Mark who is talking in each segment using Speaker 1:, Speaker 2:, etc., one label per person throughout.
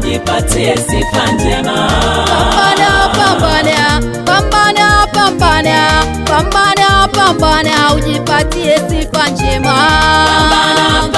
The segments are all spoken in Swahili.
Speaker 1: tujipatie sifa njema.
Speaker 2: Pambana, pambana, pambana, pambana, pambana, pambana, ujipatie sifa njema.
Speaker 1: Pambana, pambana.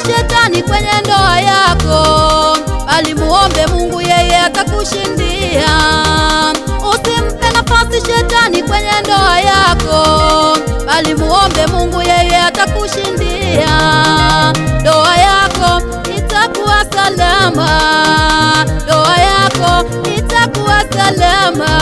Speaker 2: si shetani kwenye ndoa yako, bali muombe Mungu, yeye atakushindia. Usimpe nafasi shetani kwenye ndoa yako, bali muombe Mungu, yeye atakushindia. Ndoa yako itakuwa salama, ndoa yako itakuwa salama.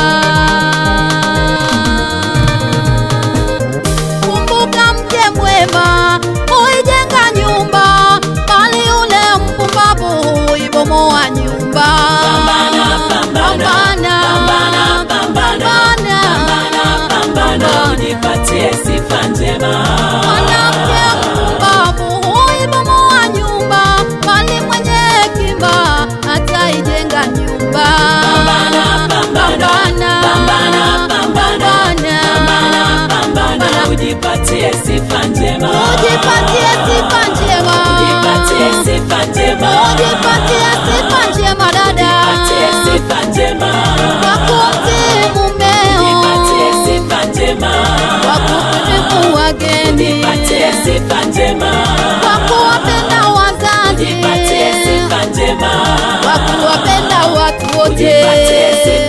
Speaker 1: wote. Patie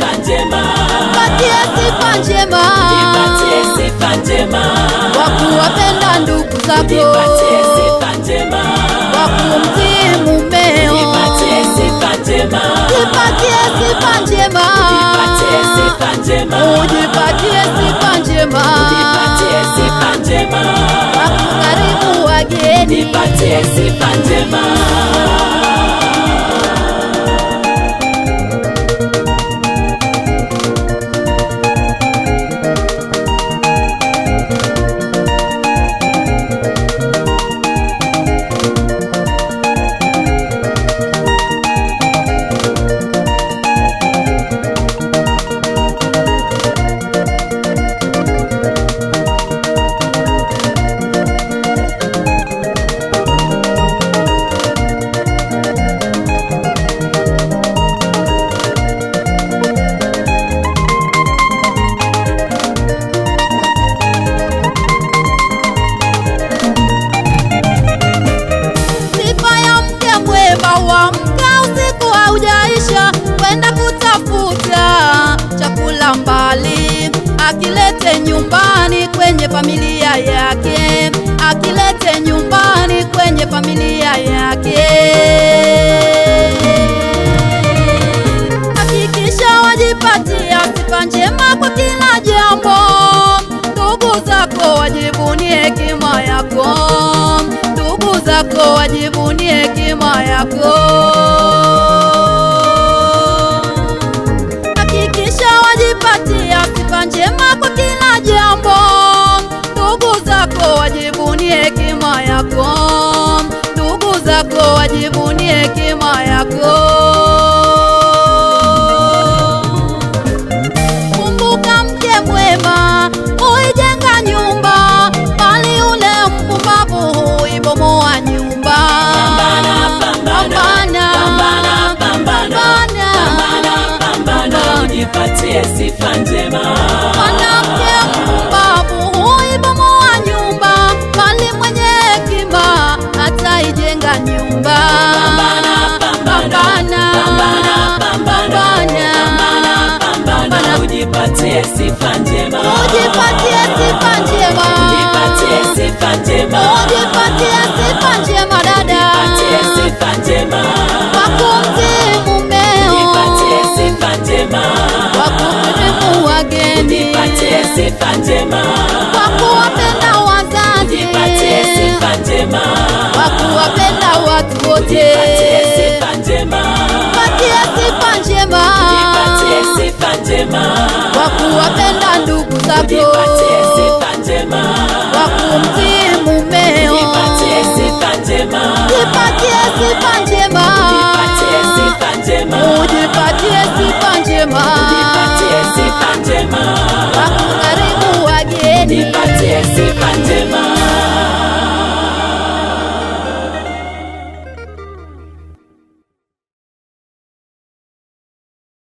Speaker 1: sifa njema
Speaker 2: kwa kuwapenda ndugu zako, kwa kumtii mumeo.
Speaker 1: Jipatie sifa njema,
Speaker 2: ujipatie sifa njema kwa kukarimu wageni.
Speaker 1: Jipatie sifa njema
Speaker 2: Uamka usiku haujaisha, kwenda kutafuta chakula mbali, akilete nyumbani kwenye familia yake, akilete nyumbani yako. Hakikisha wajipatia sifa njema kwa kila jambo. Ndugu zako wajivunie hekima yako, ndugu zako wajivunie hekima yako.
Speaker 1: nipe sifa njema.
Speaker 2: Mwanamke mpumbavu huibomoa nyumba, bali mwenye hekima ataijenga nyumba.
Speaker 1: pambana, pambana,
Speaker 2: pambana,
Speaker 1: ujipatie sifa njema,
Speaker 2: ujipatie sifa njema,
Speaker 1: ujipatie sifa njema. sifa njema
Speaker 2: kwa kuwapenda wazazi,
Speaker 1: jipatie sifa njema
Speaker 2: kwa kuwapenda watu wote,
Speaker 1: jipatie sifa njema,
Speaker 2: kwa kuwapenda ndugu
Speaker 1: zako participa